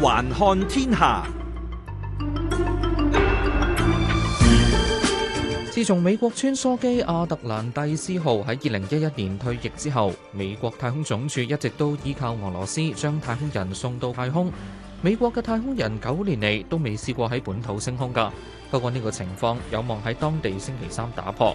環看天下。自從美國穿梭機亞特蘭蒂斯號喺二零一一年退役之後，美國太空總署一直都依靠俄羅斯將太空人送到太空。美國嘅太空人九年嚟都未試過喺本土升空噶。不過呢個情況有望喺當地星期三打破。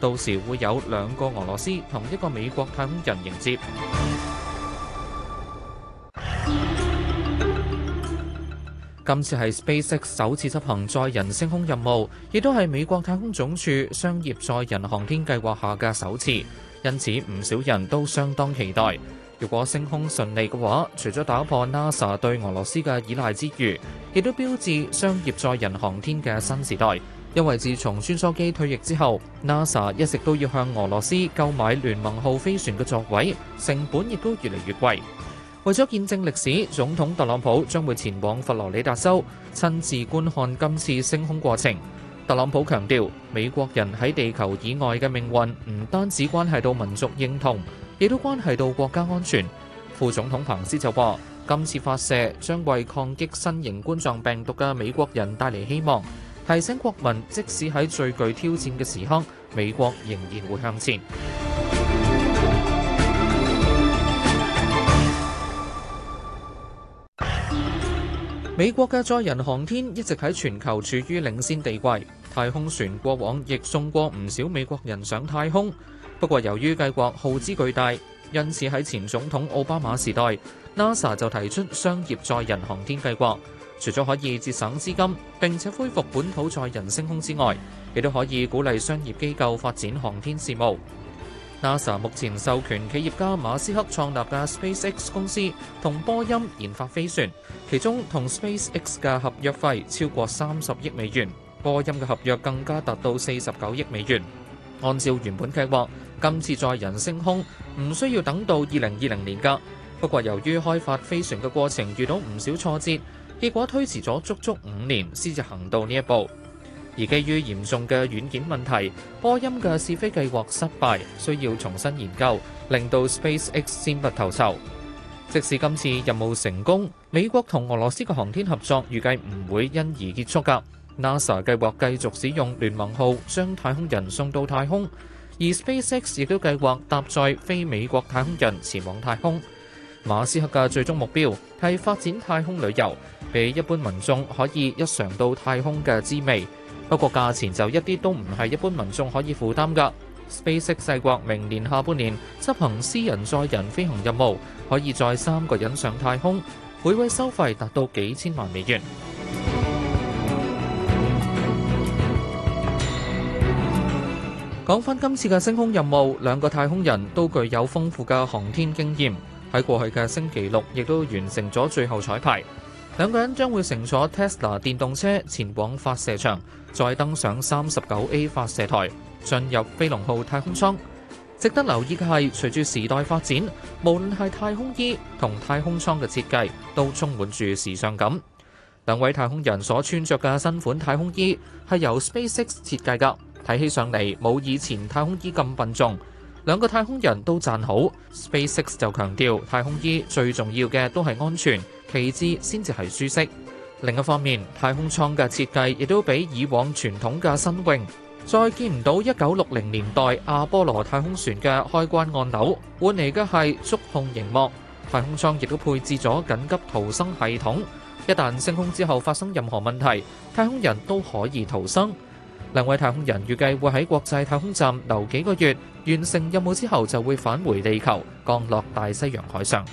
到時會有兩個俄羅斯同一個美國太空人迎接。今次係 SpaceX 首次執行載人升空任務，亦都係美國太空總署商業載人航天計劃下嘅首次，因此唔少人都相當期待。如果升空順利嘅話，除咗打破 NASA 對俄羅斯嘅依賴之餘，亦都標誌商業載人航天嘅新時代。因為自從穿梭機退役之後，NASA 一直都要向俄羅斯購買聯盟號飛船嘅座位，成本亦都越嚟越貴。為咗見證歷史，總統特朗普將會前往佛羅里達州，親自觀看今次升空過程。特朗普強調，美國人喺地球以外嘅命運唔單止關係到民族認同，亦都關係到國家安全。副總統彭斯就話，今次發射將為抗擊新型冠狀病毒嘅美國人帶嚟希望。提醒國民，即使喺最具挑戰嘅時刻，美國仍然會向前。美國嘅載人航天一直喺全球處於領先地位，太空船過往亦送過唔少美國人上太空。不過，由於計劃耗資巨大，因此喺前總統奧巴馬時代，NASA 就提出商業載人航天計劃。除咗可以節省資金，並且恢復本土載人升空之外，亦都可以鼓勵商業機構發展航天事務。NASA 目前授權企業家馬斯克創立嘅 SpaceX 公司同波音研發飛船，其中同 SpaceX 嘅合約費超過三十億美元，波音嘅合約更加達到四十九億美元。按照原本計劃，今次載人升空唔需要等到二零二零年㗎。不過，由於開發飛船嘅過程遇到唔少挫折。結果推遲咗足足五年先至行到呢一步，而基於嚴重嘅軟件問題，波音嘅試飛計劃失敗，需要重新研究，令到 SpaceX 先拔頭籌。即使今次任務成功，美國同俄羅斯嘅航天合作預計唔會因而結束噶。NASA 計劃繼續使用聯盟號將太空人送到太空，而 SpaceX 亦都計劃搭載非美國太空人前往太空。馬斯克嘅最終目標係發展太空旅遊，俾一般民眾可以一嘗到太空嘅滋味。不過價錢就一啲都唔係一般民眾可以負擔㗎。SpaceX 世國明年下半年執行私人載人飛行任務，可以載三個人上太空，每位收費達到幾千萬美元。講返今次嘅升空任務，兩個太空人都具有豐富嘅航天經驗。喺過去嘅星期六，亦都完成咗最後彩排。兩個人將會乘坐 Tesla 電動車前往發射場，再登上 39A 發射台，進入飛龍號太空艙。值得留意嘅係，隨住時代發展，無論係太空衣同太空艙嘅設計，都充滿住時尚感。兩位太空人所穿着嘅新款太空衣係由 SpaceX 設計㗎，睇起上嚟冇以前太空衣咁笨重。兩個太空人都讚好，SpaceX 就強調太空衣最重要嘅都係安全，其次先至係舒適。另一方面，太空艙嘅設計亦都比以往傳統嘅新穎，再見唔到一九六零年代阿波羅太空船嘅開關按鈕，換嚟嘅係觸控熒幕。太空艙亦都配置咗緊急逃生系統，一旦升空之後發生任何問題，太空人都可以逃生。兩位太空人預計會喺國際太空站留幾個月，完成任務之後就會返回地球，降落大西洋海上。